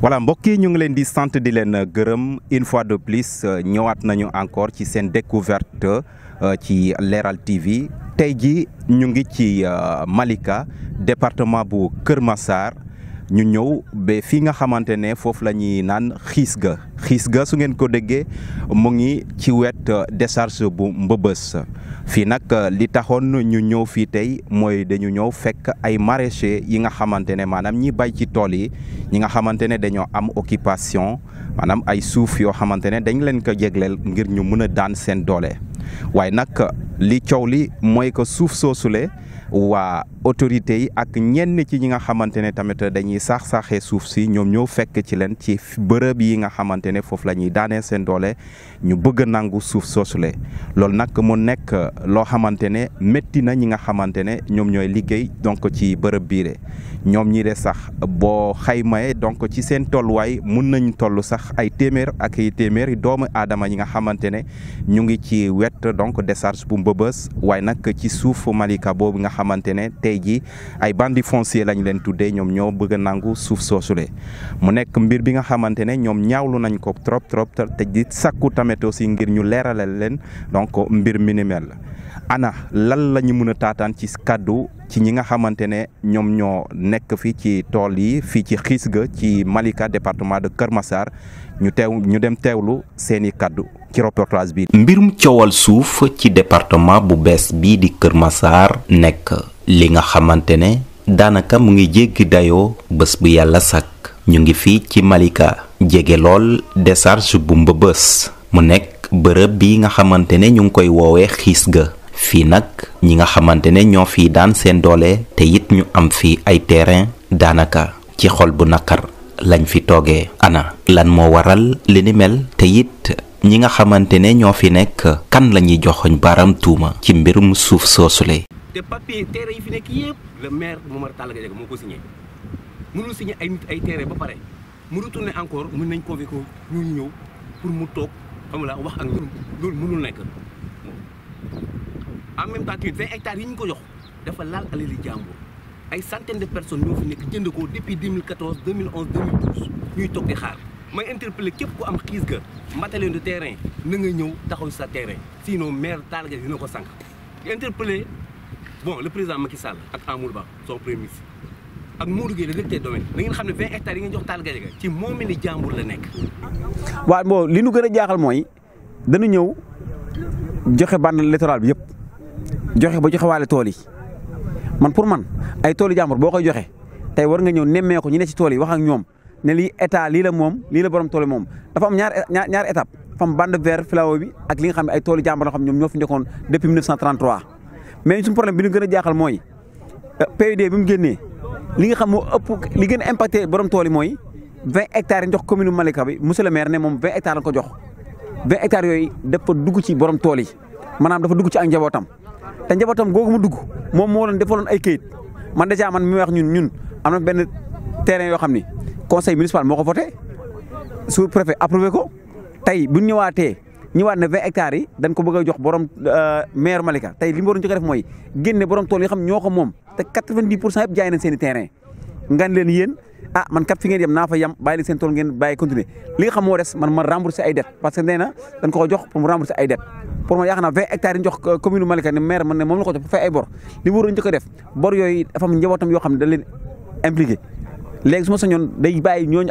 voilà mbokk yi ñu ngi leen di sant di leen gërëm une fois de plus ñëwaat nañu encore ci seen découvert euh, ci Leral TV tey ji ñu ngi ci euh, Malika département bu Kër Massar ñu ñëw ba fii nga xamante ne foofu la ñuy naan xiis ga xiis ga su ngeen ko déggee mu ngi ci wet euh, décharge bu mbëbës fii nag euh, li taxoon ñu ñëw fii tey mooy dañu ñëw fekk ay maraîchers yi nga xamante ne maanaam ñi bay ci tool yi ñi nga xamante ne dañoo am occupation maanaam ay suuf yoo xamante ne dañ leen ko jegleel ngir ñu mën a daan seen doole waaye nag li coow li mooy ko suuf soosule waa autorités yi ak ñenn ci ñi nga xamante ne tamit dañuy sax saaxee suuf si ñoom ñoo fekk ci leen ci bërëb yi nga xamante ne foofu la ñuy daanee seen doole ñu bëgg a nangu suuf soosule loolu nag mu nekk loo xamante ne métti na ñi nga xamante ne ñoom ñooy liggéey donc ci bërëb biire ñoom ñi de sax boo xaymaye donc ci seen tolluwaay mun nañ toll sax ay téeméer ak ay téeméeri doomu aadama yi nga xamante ne ñu ngi ci wet donc décharge bu mbëbës waaye nag ci suuf Malika boobu tey jii ay bandits fonciers lañ leen tuddee ñoom ñoo bëgg a nangu suuf soosule mu nekk mbir bi nga xamante ne ñoom ñaawlu nañ ko trop trop te di sakku tamit aussi ngir ñu leeralal leen donc mbir mi ni mel ana lan la ñu mën a taataan ci kaddu ci ñi nga xamante ne ñoom ñoo nekk fii ci tool yi fii ci xiis ga ci Malika département de Kër Massar ñu ñu dem teewlu seeni kàddu ci reportage bi. mbirum coowal suuf ci département bu bees bii di Kër Massar nekk. li nga xamante ne daanaka mu ngi jéggi dayoo bés bu yàlla sàkk ñu ngi fii ci Malika jege lool décharge bu Mbëbës mu nekk bërëb bi nga xamante ne ñu ngi koy woowee xiis ga fii nag ñi nga xamante ne ñoo fi daan seen doole te it ñu am fii ay terrain daanaka ci xol bu naqar lañ fi toogee ana lan moo waral li ni mel te it ñi nga xamante ne ñoo fi nekk kan lañuy joxoñ baram tuuma ci mbirum suuf soosule te papier terrain yi fi nekk yëpp le maire Momar Talla Gadiaga moo ko signé mënul signé ay nit ay terrain ba pare mu retourné encore mën nañ convoqué ko ñu ñëw pour mu toog xam nga wax ak ñun mënul nekk en même temps tamit vingt yi ñu ko jox dafa laal alali jàmbur ay centaines de personnes ñoo fi nekk jënd ko depuis 2014 2011 2012 ñuy toog di xaar may interpellé képp ku am xiis ga matériel de terrain na nga ñëw taxaw sa tere sinon maire Talla Gadiaga dina ko sànq interpellé bon le président Macky Sall ak Amadou Ba son premier ministre ak Modou Gueye le xam ne 20 hectares yi ngeen jox taal Gadiaga ci moom li nu gën a jaaxal mooy danu ñëw joxe bande littorale bi yëpp joxe ba joxe waale tool yi man pour man ay toolu jàmbur boo koy joxe tey war nga ñëw nemmee ko ñu ne ci tool yi wax ñoom ne lii état lii la moom lii la borom tool moom dafa am ñaar ñaar étape dafa am bande verte filao bi ak li nga xam ne ay toolu jàmbur la xam ñoom ñoo fi njëkkoon depuis 1933. mais suñu problème bi ñu gën a jaaxal mooy euh, PUD bi mu génnee li nga xam moo ëpp li gën a borom tool yi mooy vingt hectares yi jox commune Malika bi monsieur le maire ne moom vingt hectares la ko jox vingt hectares yooyu dafa dugg ci borom tool yi maanaam dafa dugg ci ak njabootam te njabootam googu mu dugg moom moo leen defaloon ay kayit man dèjà man mu wax ñun ñun am na benn terrain yoo xam ni conseil municipal moo ko voté sous préfet approuvé ko tey bu ñu ñëwaatee ñëwaat ne vingt hectares yi dañ ko bëgg jox borom euh, maire Malika tey li mu waroon mooy génne borom tool yi xam ñoo ko moom te quatre-vingt-dix pour cent yëpp jaay nañ seen i terrain ngan leen yéen ah man kat naa fa yem bàyyi leen seen tool li des man que nee na dañ ko ko jox pour mu rembourser ay dette pour ma yaakaar naa vingt yi jox commune ko jox pour fay ay bor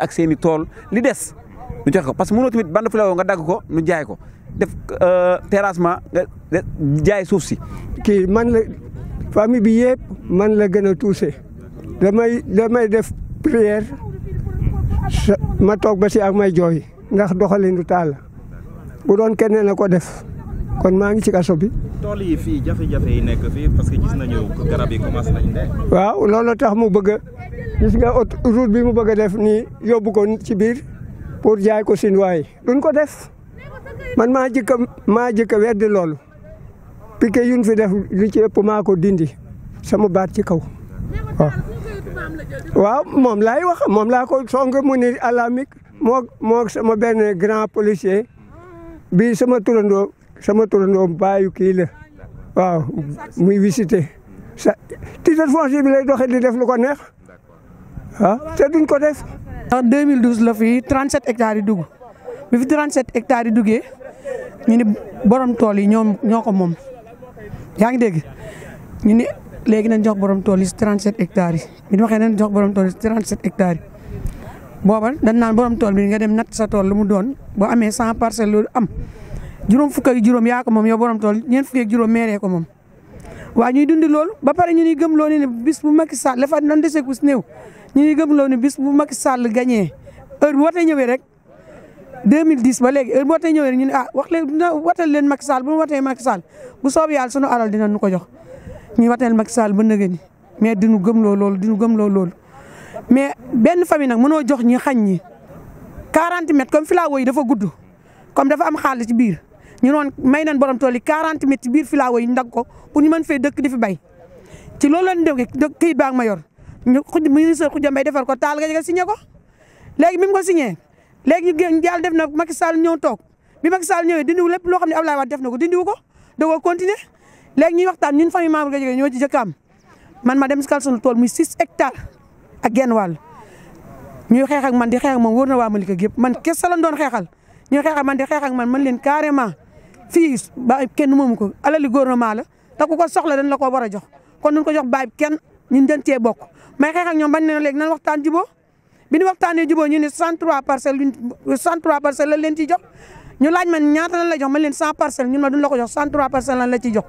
ak seen tool des ñu joxe ko parce nga dagg ko ñu jaay ko def euh, terrassement nga jaay suuf si. kii man la famille bi yëpp man la gën a touché damay damay def prière ma toog ba si ak may jooy ndax doxalinu taal bu doon kenn na ko def kon maa ngi ci kaso bi. tool yi fii jafe-jafe yi nekk fii parce que gis nañu garab yi commencé nañ de. waaw loolu tax mu bëgg gis nga route bi mu bëgg a def nii yóbbu ko ci biir pour jaay ko Sine waaye duñ ko def. man maa jëkk a maa jëkk a weddi loolu piqué yuñ fi def lu ci ëpp maa ko dindi sama baat ci kaw waaw. moom laay wax moom laa ko song mu ni alamik moo moo sama benn grand policier bi sama turandoo sama turandoo baayu kii la waaw muy visité sa titre foncier bi lay doxee di def lu ko neex ah te duñ ko def. en 2012 la fi 37 hectares yi dugg. bi fi 37 hectares yi duggee ñu ni borom tool yi ñoom ñoo ko moom yaa ngi dégg ñu ni léegi nañ jox borom tool yi 37 hectares yi bi ñu waxee nañ jox borom tool yi 37 hectares yi booba naan borom tool bi nga dem natt sa tool lu mu doon boo amee 100 parcel loolu am juróom fukk ak juróom yaa ko moom yow borom tool ñeent fukk ak juróom meeree ko moom. waa ñuy dundi loolu ba pare ñu ni gëm loo ne bis bu Macky Sall dafa doon deseeg ku si néew ñu ni gëm ne bis bu Macky Sall gagné heure bu wootee ñëwee rek. 2010 ba léegi heure bu watee ñëwee ñu ne ah, wax leen dina watal leen Macky Sall bu mu watee Macky Sall bu soob yàlla sunu alal dina nu ko jox ñu wateel Macky Sall ba nëgë ni mais dinu gëm loo loolu dinu gëm loo loolu mais benn famille nag mënoo jox ñi xañ ñi 40 mètres comme filaawo yi dafa gudd comme dafa am xaalis ci biir ñu noon may nañ borom tool yi 40 ci biir filaawo yi ndag ko pour ñu mën fee dëkk di fi bay ci loolu lañ dégg këyit baa ma yor ñu ministre Khoudia Mbaye defar ko taal nga signé ko léegi bi mu ko signé léegi ñu yàlla def na Macky Sall ñëw toog bi Macky Sall ñëwee dindiwu lépp loo xam ne Abdoulaye Wade def na ko dindiwu ko da koo continuer léegi ñuy waxtaan ñun famille membre nga jógee ñoo ci jëkkaam man ma dem si kalsonu tool muy 6 hectares a genn wàll ñuy xeex ak man di xeex ak man na waa Malika yëpp man kese lañ doon xeexal ñuy xeex ak man di xeex ak man man leen carrément fii ba kenn moomu ko alali gouvernement la te ku ko soxla dañ la ko war a jox kon duñ ko jox baay kenn ñun dañ cee bokk may xeex ak ñoom bañ ne léegi nan waxtaan jubóo bi ñu waxtaanee jubóo ñu ne 103 parcelles luñ 103 parcelles lañ leen ciy laaj man ñaata lañ la jox man leen 100 parcelles ñun ma duñ la ko jox 103 parcelles lañ la ciy jox.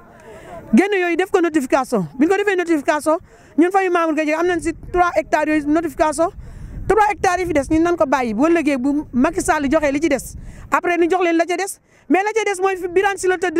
génn yooyu def ko notification bi ñu ko defee notification ñun fayu maamul ga jege am nañ si 3 hectares yooyu notification 3 hectares yi fi des ñun nan ko bàyyi bu ëllëgee bu Macky Sall joxee li ci des après ñu jox leen la ca des mais la ca des mooy fi Birane Sy la tëdd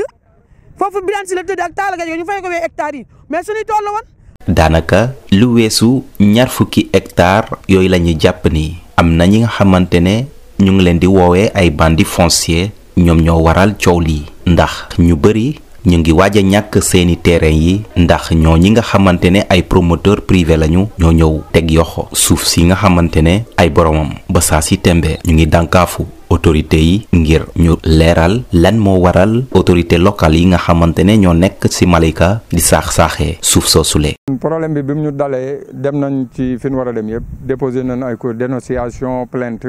foofu Birane Sy la tëdd ak Talla Gadio ñu fay ko wee daanaka lu weesu ñaar fukki hectare yooyu la ñu jàpp ni am na ñi nga xamante ne ñu ngi leen di woowee ay bandi foncier ñoom ñoo waral coow lii ndax ñu bëri ñu ngi waaja ñàkk seeni terrain yi ndax ñoo ñi nga xamante ne ay promoteur privé lañu ñoo ñëw teg yoxo suuf si nga xamante ne ay boromam ba saa si tembe ñu ngi dànkaafu autorité yi ngir ñu leeral lan moo waral autorité locale yi nga xamante ne ñoo nekk ci Malika di saax-saaxee suuf soosule problème bi bi mu ñu dalee dem nañ ci fi ñu war a dem yëpp déposé nañ ay ko dénonciation plainte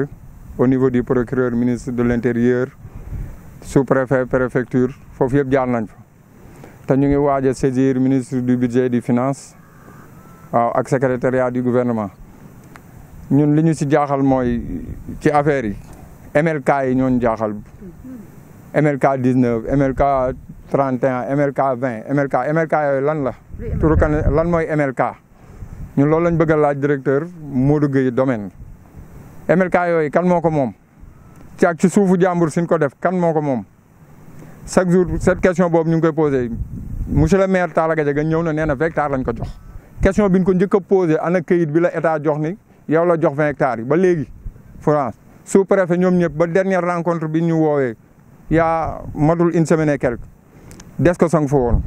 au niveau du procureur ministre de l'intérieur sous-préfet préfecture foofu yëpp jaar nañ fa te ñu ngi waaj a saisir ministre du budget di des finances waaw ak secrétariat du gouvernement ñun li ñu ci jaaxal mooy ci affaire yi MLK yi ñoo ñu jaaxal MLK 19 MLK 31 MLK 20 MLK MLK yooyu lan la. turu kan lan mooy MLK. ñun loolu lañ bëgg laaj directeur Modou Gueye domaine MLK yooyu kan moo ko moom ci ci suufu jàmbur suñ ko def kan moo ko moom chaque jour cette question boobu ñu ngi koy posé monsieur le maire Talla Gadiaga ñëw na nee na vingt lañ ko jox. question bi ñu ko njëkk a posé ana kayit bi la état jox ni yow la jox vingt hectares yi ba léegi France sous préfet ñoom ñëpp ba dernière rencontre bi ñu woowee yaa matul une semaine et quelque des ko sang fa woon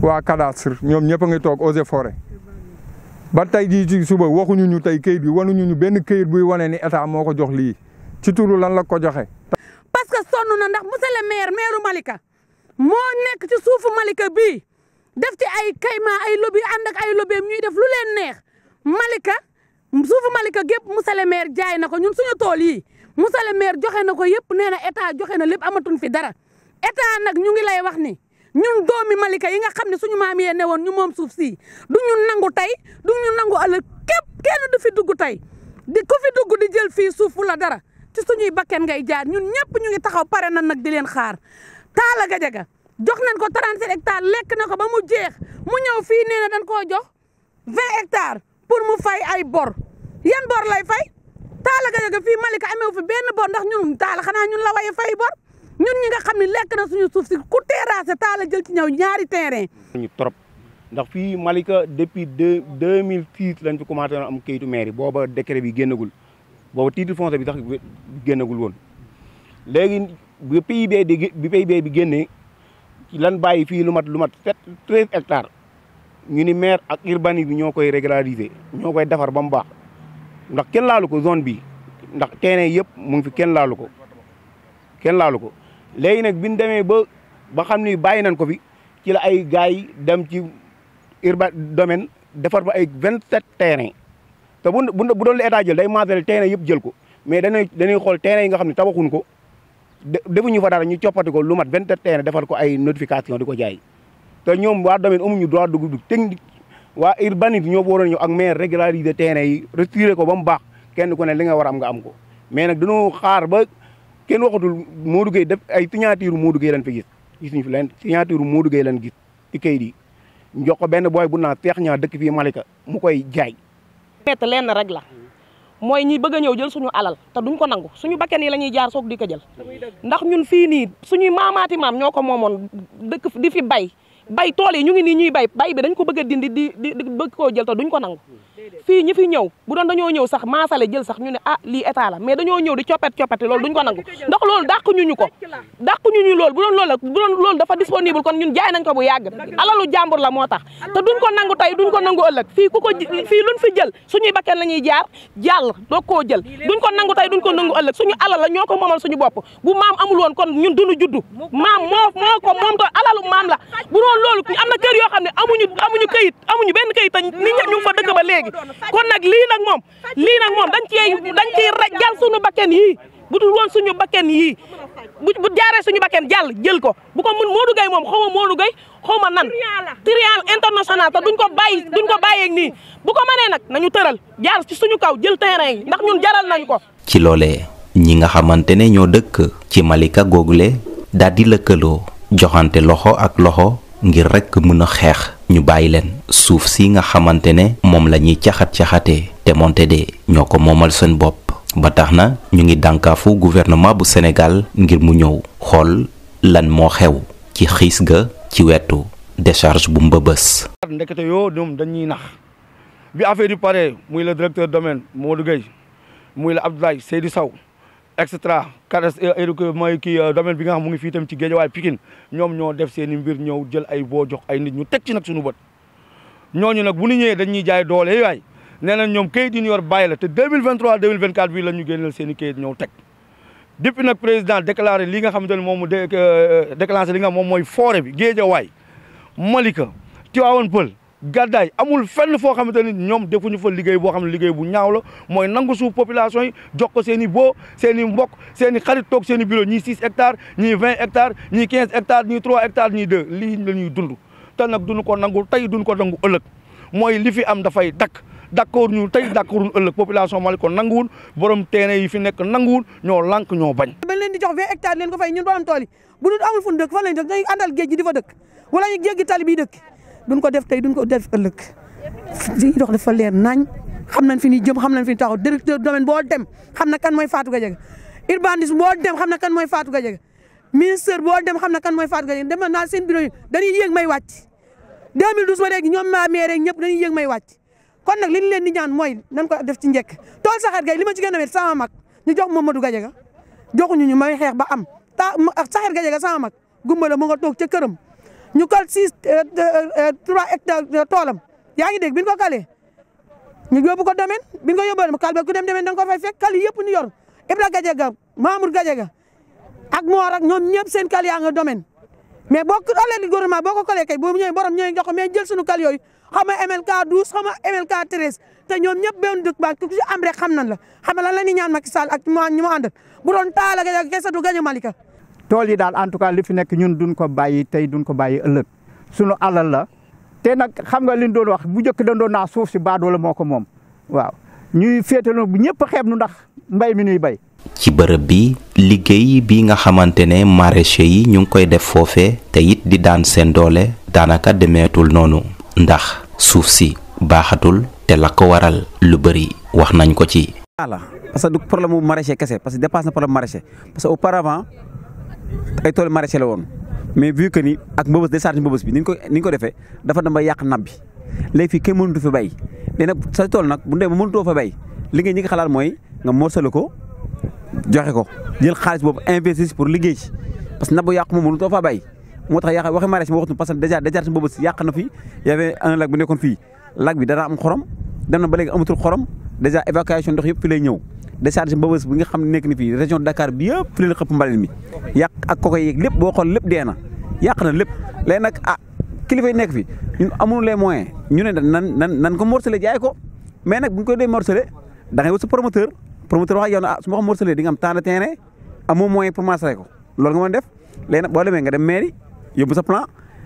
waa cadastre ñoom ñëpp a ngi toog eaux et forêt ba tey jii ci suba waxu ñu ñu tey kayit bi wanuñu ñu benn kayit buy wane ni état moo ko jox lii ci turu lan la ko joxe. parce que sonn ndax monsieur le maire maire Malika moo nekk ci suufu Malika bii def ci ay kayma ay lobby ànd ay lobbyam ñuy def lu leen neex Malika. suufu Malika gépp monsieur le jaay na ko ñun suñu tool yi monsieur le maire joxe na ko yëpp nee na état joxe na lépp amatuñ fi dara état nag ñu ngi lay wax ni ñun doomi Malika yi nga xam ne suñu maam yee ne woon ñu moom suuf si du ñu nangu tey du ñu nangu ëllëg képp kenn du fi dugg tey di ku fi dugg di jël fii suuf fu la dara ci suñuy bakken ngay jaar ñun ñëpp ñu ngi taxaw pare na nag di leen xaar Talla Gadiaga jox nañ ko 37 hectares lekk na ko ba mu jeex mu ñëw fii dañ koo jox 20 hectares. pour mu fay ay bor yan bor lay fay taala ga jóge fii Malika amewu fi benn bor ndax ñun taala xanaa ñun la waye fay bor ñun ñi nga xam ne lekk na suñu suuf si ku terrassé taala jël ci ñaw ñaari tere ñu trop ndax fii Malika depuis deux deux mille six lañ fi commencé am kayitu mairie booba décret bi génnagul booba titre foncier bi sax génnagul woon léegi bi PIB di bi PIB bi génnee lan bàyyi fii lu mat lu mat sept treize hectares. ñu ni maire ak urbanisme bi ñoo koy régulariser ñoo koy defar ba mu baax ndax kenn laalu ko zone bi ndax terrain yëpp mu ngi fi kenn laalu ko kenn laalu ko léegi nag bi ñu demee ba ba xam ni bàyyi nañ ko fi ci la ay gars yi dem ci urba domaine defar ba ay vingt sept terrain te bu bu doon la état jël day maasale terrain yëpp jël ko mais dañuy dañuy xool terrain yi nga xam ne tabaxuñ ko defuñu fa dara ñu coppati ko lu mat vingt sept terrain defar ko ay notification di ko jaay te ñoom waa domaine amuñu droit dugg dugg technique waa urbanite ñoo waroon ñëw ak maire de terrain yi retiré ko ba mu baax kenn ko ne li nga war am ga am ko mais nag dañoo xaar ba kenn waxatul Modou Gueye def ay signature Modou Gueye lañ fi gis gis ñu fi leen signature Modou Gueye lañ gis ci kayit yi jox ko benn booy bu naan Cheikh Niang dëkk fii Malika mu koy jaay mett lenn rek la mooy ñi bëgg ñëw jël suñu alal te duñ ko nangu suñu bakken yi la ñuy jaar soog di ko jël ndax ñun fii nii suñuy maamaati maam ñoo ko moomoon dëkk di fi bay bay tool yi ñu ngi nii ñuy bay bay bi dañ ko bëgg a dindi di di bëgg koo jël te duñ ko nangu fii ñi fi ñëw bu doon dañoo ñëw sax maasale jël sax ñu ne a ah, lii état la mais dañoo ñëw di coppet coppet loolu duñ ko nangu ndax loolu dàqu ñu ñu ko dàqu ñu ñu loolu bu doon loolu la dafa disponible kon ñun jaay nañ ko bu yàgg alalu jàmbur la moo tax te duñ ko nangu tey duñ ko nangu ëllëg fii ku ko fii luñ fi jël suñuy bakkeen la ñuy jaar jàll doo koo jël duñ ko nangu tey duñ ko nangu ëllëg suñu alal la ñoo ko moomal suñu bopp bu maam amul woon kon ñun duñu juddu maam moo moo ko moom to alalu maam la woon loolu am na kër yoo xam ne amuñu këyit amuñu benn këyit te nit ñi ñu fa dëkk ba léegi kon nag lii nag moom lii nag moom dañ ciy dañ ciy rajjal suñu bakken yii bu dul woon suñu bakken yii bu jaaree suñu bakken jàll jël ko bu ko mun Modou Gueye moom xaw ma Modou Gueye nan trial international te duñ ko bàyyi duñ ko bàyyeeg nii bu ko mënee nag nañu tëral jaar ci suñu kaw jël terrain yi ndax ñun jaral nañ ko ci loolee ñi nga xamante ne ñoo dëkk ci Malika googule daal di lëkkaloo joxante loxo ak loxo ngir rekk mën a xeex ñu bàyyi leen suuf si nga xamante ne moom la ñuy caxat-caxatee te moonte de ñoo ko moomal seen bopp ba tax na ñu ngi dànkaafu gouvernement bu senegal ngir mu ñëw xool lan moo xew ci xiis ga ci wetu décharge bu mbëbës ndekete yoo ñoom dañuy nax bi affaire yu pare muy le directeur domaine muy la Abdoulaye Seydou Sow et cetera cadres mooy kii euh, domaine bi nga xam mu ngi fii tam ci Géejawaay Pikine ñoom ñoo def seeni mbir ñëw jël ay boo jox ay nit ñu teg ci nag suñu bët ñooñu nag bu ñu ñëwee dañ ñuy jaay doole eh yi nee nañ ñoom kayit yi ñu yor bàyyi la te 2023 2024 bii la ñu génneel seen i kayit ñëw teg depuis nag président déclaré li nga xamante ne moom mu euh, déclenché li nga moom mooy foore bi Géejawaay Malika Tivaouane Peulh gàddaay amul fenn foo xamante ni ñoom defuñu fa liggéey boo xam ne liggéey bu ñaaw la mooy nangu suuf population yi jox ko seen i boo seen i mbokk seen i xarit toog seen i bureau ñii six hectares ñii vingt hectares ñii quinze hectares ñii trois hectares ñii deux lii la ñuy nag duñu ko nangu tey duñu ko nangu ëllëg mooy li fi am dafay dakk d'accord ñu tey d'accord ëllëg population Mali ko nanguwul borom teene yi fi nekk nanguwul ñoo lànk ñoo bañ ba leen di jox vingt hectares leen ko fay ñun borom tool yi duñ ko def tey duñ ko def ëllëg fi dox dafa leer naañ xam nañ fi ñuy jëm xam nañ fi ñuy directeur domaine boo dem xam na kan mooy Fatou Gadiaga urbanisme boo dem xam na kan mooy faatu Gadiaga ministère boo dem xam na kan mooy Fatou Gadiaga dem naa seen bureau yi dañuy yéeg may wàcc 2012 ba léegi ñoom maa meere ñëpp dañuy yéeg may wàcc kon nag li ñu leen di ñaan mooy nan ko def ci njëkk tool saxaar gay li ma ci gën a wet sama mag ñu jox Mamadou Gadiaga joxuñu ñu may xeex ba am ta saxaar Gadiaga sama mag gumbala mu nga toog ca këram ñu kal six euh, euh, euh, trois hectares toolam yaa ngi deg bi ñu kale kalee ñu yóbbu ko domaine bi ñu ko yóbbu domaine kal ba ku dem domaine da nga ko fay fekk kal yi yëpp ñu yor Ibra Gadiaga Mamour Gadiaga ak Mor ak ñoom ñëpp seen kal yaa nga domaine mais boo ko allee di gouvernement boo ko kalee kay boobu ñooy borom ñooy jox ko mais jël suñu kal yooyu xam nga MLK 12 xam nga MLK 13 te ñoom ñëpp benn dëkk baa ku ci am xam nan la xam nga lan la ñuy ñaan Macky Sall ak ñu mu àndal bu doon taal a Gadiaga kese tool yi daal en tout cas li fi nekk ñun duñ ko bàyyi tey duñ ko bàyyi ëllëg sunu alal la te nag xam nga liñ doon wax bu njëkk dañ doon naa suuf si baadoola moo ko moom waaw ñuy féetaloo ñëpp xeeb nu ndax mbay mi ñuy bay ci bërëb bi liggéey bi nga xamante ne maraîchers yi ñu ngi koy def foofe te it di daan seen doole daanaka demeetul noonu ndax suuf si baaxatul te la ko waral lu bëri wax nañ ko ci. voilà parce que du problème mu kese parce que dépasse na problème maraîcher parce que ay toolu maraîcher la woon mais vu que ni ak mbëbës décharge mbëbës bi ni ñu ko ni ñu ko defee dafa dem ba yàq nab bi léegi fii kenn mënatu fa bay léegi nag sa tool nag bu demee mënutoo fa bay li nga ñi xalaat mooy nga morcelé ko joxe ko jël xaalis boobu investir pour liggéey ci parce que nab bu yàqu moom mënutoo fa bay moo tax yàq waxi maraîcher ma waxtu parce que déjà décharge mbëbës yàq na fi y avait un lac bu nekkoon fii lac bi dara am xorom dana na ba léegi amatul xorom déjà évacuation ndox yëpp lay ñëw décharge Mbeubeuss bi nga xam ne nekk ni fii région Dakar bi yëpp fi leen xëpp mbalit mi yàq ak koko yeeg lépp boo xool lépp dee na yàq na lépp léegi nag ah kilifa nekk fi ñun amuñu moyen moyens ñu ne nan nan nan ko morcelé jaay ko mais nag bu ñu koy dee morcelé da ngay wut sa promoteur promoteur wax ak yow ne ah, su ma ko morcelé di nga am temps de terrain amoo moyen pour marché ko loolu nga mën def léegi nag boo demee nga dem mairie yóbbu sa plan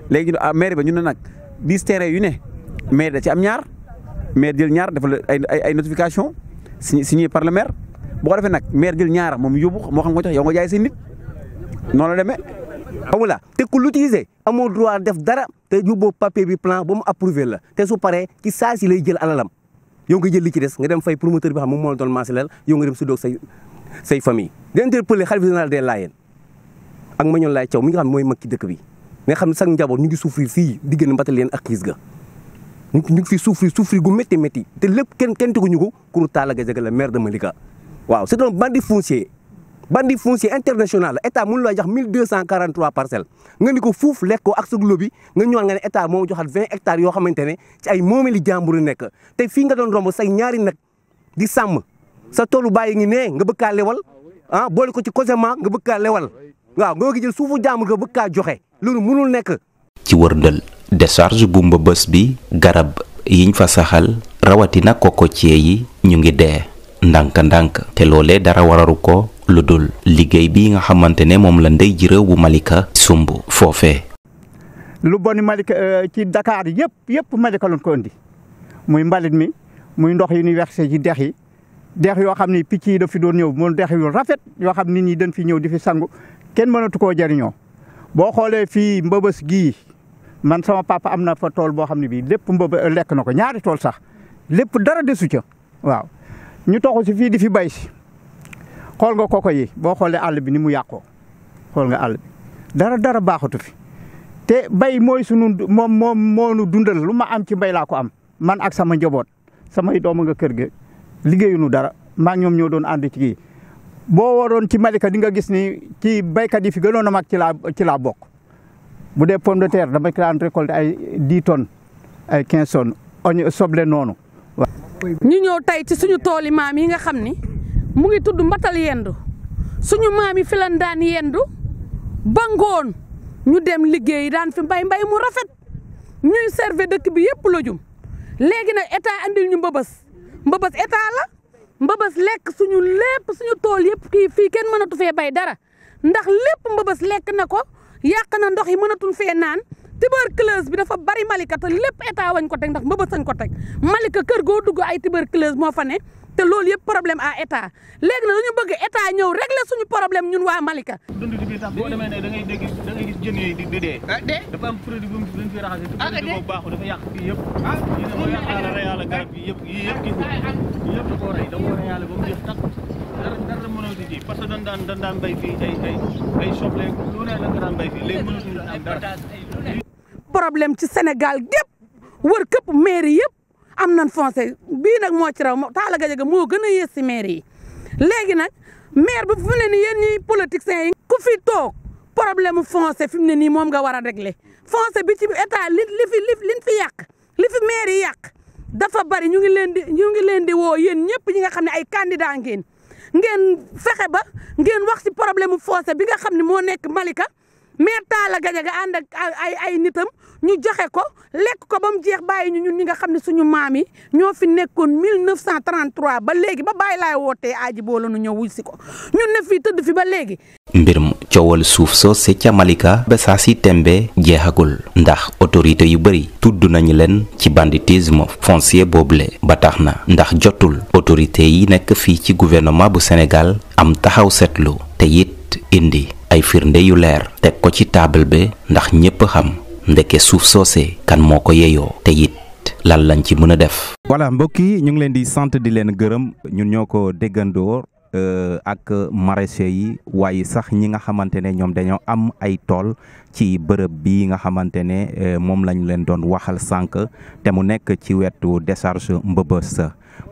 léegi ñu ah ba ñu ne nag dix terrain yu ne mairie da ci am ñaar mairie jël ñaar defal ay ay notification signé par le maire bu ko defee nag maire jël ñaara moom yóbbu moo xam nga jox yow nga jaay seen nit noonu la demee. xamu la te ku l'utiliser amoo droit def dara te yóbboo papier bi plan ba mu approuvé la te su paree ci saa si lay jël alalam yow nga jël li ci des nga dem fay promoteur bi xam moom moo la doon mancelel nga dem su doog say say famille di interpellé xalifa général des Layène ak Mañoon Laay Thiaw mi nga xam mooy mag ci dëkk bi nga xam ne sax njaboot ñu ngi souffrir fii diggante Mbataleen ak xiis ga ñu ngi ñu ngi fi souffrir souffrir gu métti métti te lépp kenn kenn teguñu ko kuru Talla Gadiaga la maire de Malika waaw c'est un bandit foncier bandit foncier international état mënu la jox mille deux cent quarante trois parcelles nga ni ko fuuf lekk ko ak sa lobby nga ñëwaat nga ne état moo joxaat vingt hectares yoo xamante ne ci ay moomeeli jàmbur nekk te fii nga doon romb say ñaari nag di sàmm sa toolu bàyyi ngi ne nga bëgg kaa lewal ah boole ko ci COSEMA nga bëgg kaa lewal waaw nga bëgg jël suufu jàmbur nga bëgg kaa joxe loolu mënul nekk. ci wër ndël décharge bu Mbëbës bi garab yiñ fa saxal rawatina cocotier yi ñu ngi dee ndànk-ndànk te loolee dara wararu ko lu dul liggéey bi nga xamante ne moom la ndey ji réew bu Malika sumb foofee. lu bon Malika euh, ci Dakar yëpp yëpp Malika lañ ko indi muy mbalit mi muy ndox yi ñuy versé ci dex yi dex yoo xam ne picc yi dafi doon ñëw moom dex yu rafet yoo xam nit ñi dañ fi ñëw di fi sangu kenn mënatu koo jariñoo boo xoolee fii Mbëbës gii. man sama papa am na fa tool boo xam ne bii lépp mbëba euh, lekk na ko ñaari tool sax lépp dara desu ca waaw ñu toxu si fii di fi bay si xool nga koko yi boo xoolee àll bi ni mu yàqoo xool nga àll bi dara dara baaxatu fi te bay mooy sunu moom moom moonu dundal lu ma am ci mbay laa ko am man ak sama njaboot samay dooma nga kër ga liggéeyunu dara maa ñoom ñoo doon ànd ci kii boo waroon ci Malika di nga gis ni ci baykat yi fi gënoon a mag ci laa ci laa bokk bu dee pomme de terre dama ko daan récolter ay dix ay quinze tonnes oñ soble noonu. ñu ñëw tey ci suñu tool yi maam yi nga xam ni mu ngi tudd mbatal yendu suñu maam yi fi lan daan yendu ba ngoon ñu dem liggéey daan fi mbay mbay mu rafet ñuy servir dëkk bi yëpp lajum léegi nag état andil ñu mbëbës mbëbës état la mbëbës lekk suñu lépp suñu tool yëpp kii fii kenn mënatu fee bay dara ndax lépp mbëbës lekk na ko. yàq na ndox yi mënatuñ fee naan tuberculose bi dafa bari Malika te lépp état wañ ko teg ndax mbëbës sañ ko teg Malika kër goo dugg ay tuberculose moo fa ne. te loolu yëpp problème à état léegi na bëgg état ñëw régler suñu problème ñun waa Malika. dund boo demee ne da ngay dégg da gis jën yooyu di ah, dee. dafa am produit bu ñu fi raxasee te ah, produit boobu baaxul dafa yàq fii yëpp. ñu ah, ma yàqaale reyaale garab yi yëpp yii yëpp gis nga yëpp da koo rey da di ji parce que dañ daan dañ daan béy fii ay ay ay soble lu ne la nga daan béy fii léegi mënatuñu am dara. problème ci Sénégal gépp wër këpp mairie yëpp am nañ foncier bii nag moo ci raw Talla Gadiaga moo gën a yées si maire yi léegi nag maire bi fu ne nii yéen ñuy politiciens yi ku fi toog problème mu foncier fi mu ne nii moom nga war a régler foncier bi ci état li li fi liñ fi yàq li fi maire yi yàq dafa bari ñu ngi leen di ñu ngi leen di woo yéen ñëpp ñi nga xam ne ay kandida ngeen ngeen fexe ba ngeen wax ci problème mu foncier bi nga xam ni moo nekk Malika mais Talla Gadiaga ànd ak ay nitam ñu joxe ko lekk ko ba mu jeex bàyyi ñu ñun ñi nga xam ne suñu maam yi ñoo fi nekkoon 1933 ba léegi ba bàyyi laay wootee aaji boo la ñu ñëw wuy si ko ñun ne fii tëdd fi ba léegi. mbir mu coowal suuf soose ca Malika ba saa si tembe jeexagul ndax autorité yu bëri tudd nañu leen ci banditisme foncier boobule ba tax na ndax jotul autorité yi nekk fii ci gouvernement bu senegal am taxaw seetlu te it indi. ay firnde yu leer teg ko ci taabal bi ndax ñépp xam ndeke suuf soose kan moo ko yeyoo te it lan lañ ci mën a def. wala mbokk yi ñu ngi leen di sant di leen gërëm ñun ñoo ko déggandoor euh, ak maraîchers yi waaye sax ñi nga xamante ne ñoom dañoo am ay tool ci bërëb bi nga xamante ne euh, moom lañ leen doon waxal sànq te mu nekk ci wetu décharge Mbeubeuss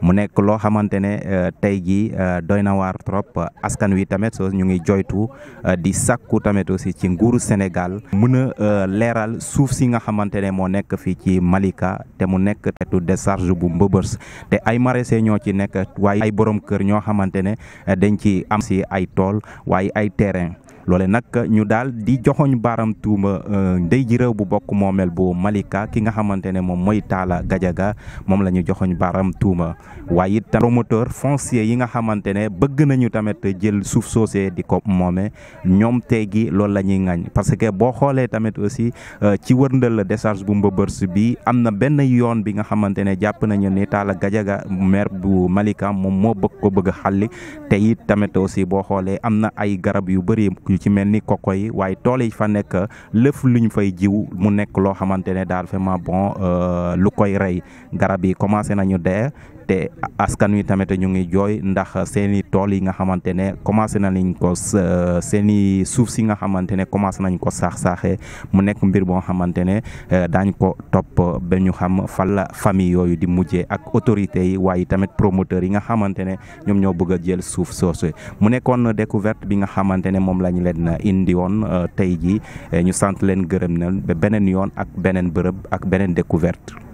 mu nekk loo xamante ne euh, tey jii euh, doy na waar trop askan wi tamit soo ñu ngi joytu euh, di sàkku tamit aussi ci nguuru Sénégal mën a leeral suuf si nga xamante ne moo nekk fii ci Malika te mu nekk tetu décharge bu mbëbës te ay maraîchers ñoo ci nekk waaye ay borom kër ñoo xamante ne dañ ci am si ay tool waaye ay terrain loole nag ñu daal di joxoñ baaram tuuma euh, ndey ji réew bu bokk moomeel bu Malika ki nga xamante ne moom mooy Talla Gajaga moom la ñu joxoñ baaram tuuma waaye it promoteur foncier yi nga xamante ne bëgg nañu tamit jël suuf soosee di ko moome ñoom tey gi loolu la ñuy ŋañ parce que boo xoolee tamit aussi euh, ci wërndal décharge bu mbëbërs bi am na benn yoon bi nga xamante ne jàpp nañu ni Talla Gajaga maire bu Malika moom moo bëgg ko bëgg xalli te it tamit aussi boo xoolee am na ay garab yu bëri ci mel ni koko waaye tool yi fa nekk lëf lu ñu fay jiw mu nekk loo xamante ne daal vraiment bon euh, lu koy rey garab yi commencé nañu dee te askan wi tamit ñu ngi jooy ndax seen i tool yi nga xamante ne commencé nañ ko euh, seen i suuf si nga xamante ne commencé nañ ko saax saaxee mu nekk mbir boo xamante ne euh, daañ ko topp ba ñu xam fan la famille yooyu di mujjee ak autorités yi waaye tamit promoteurs yi nga xamante ne ñoom ñoo bëgg a jël suuf soosu mu nekkoon découverte bi nga xamante ne moom lañ leen indi woon euh, tey jii ñu sant leen gërëm na beneen yoon ak beneen bërëb ak beneen découverte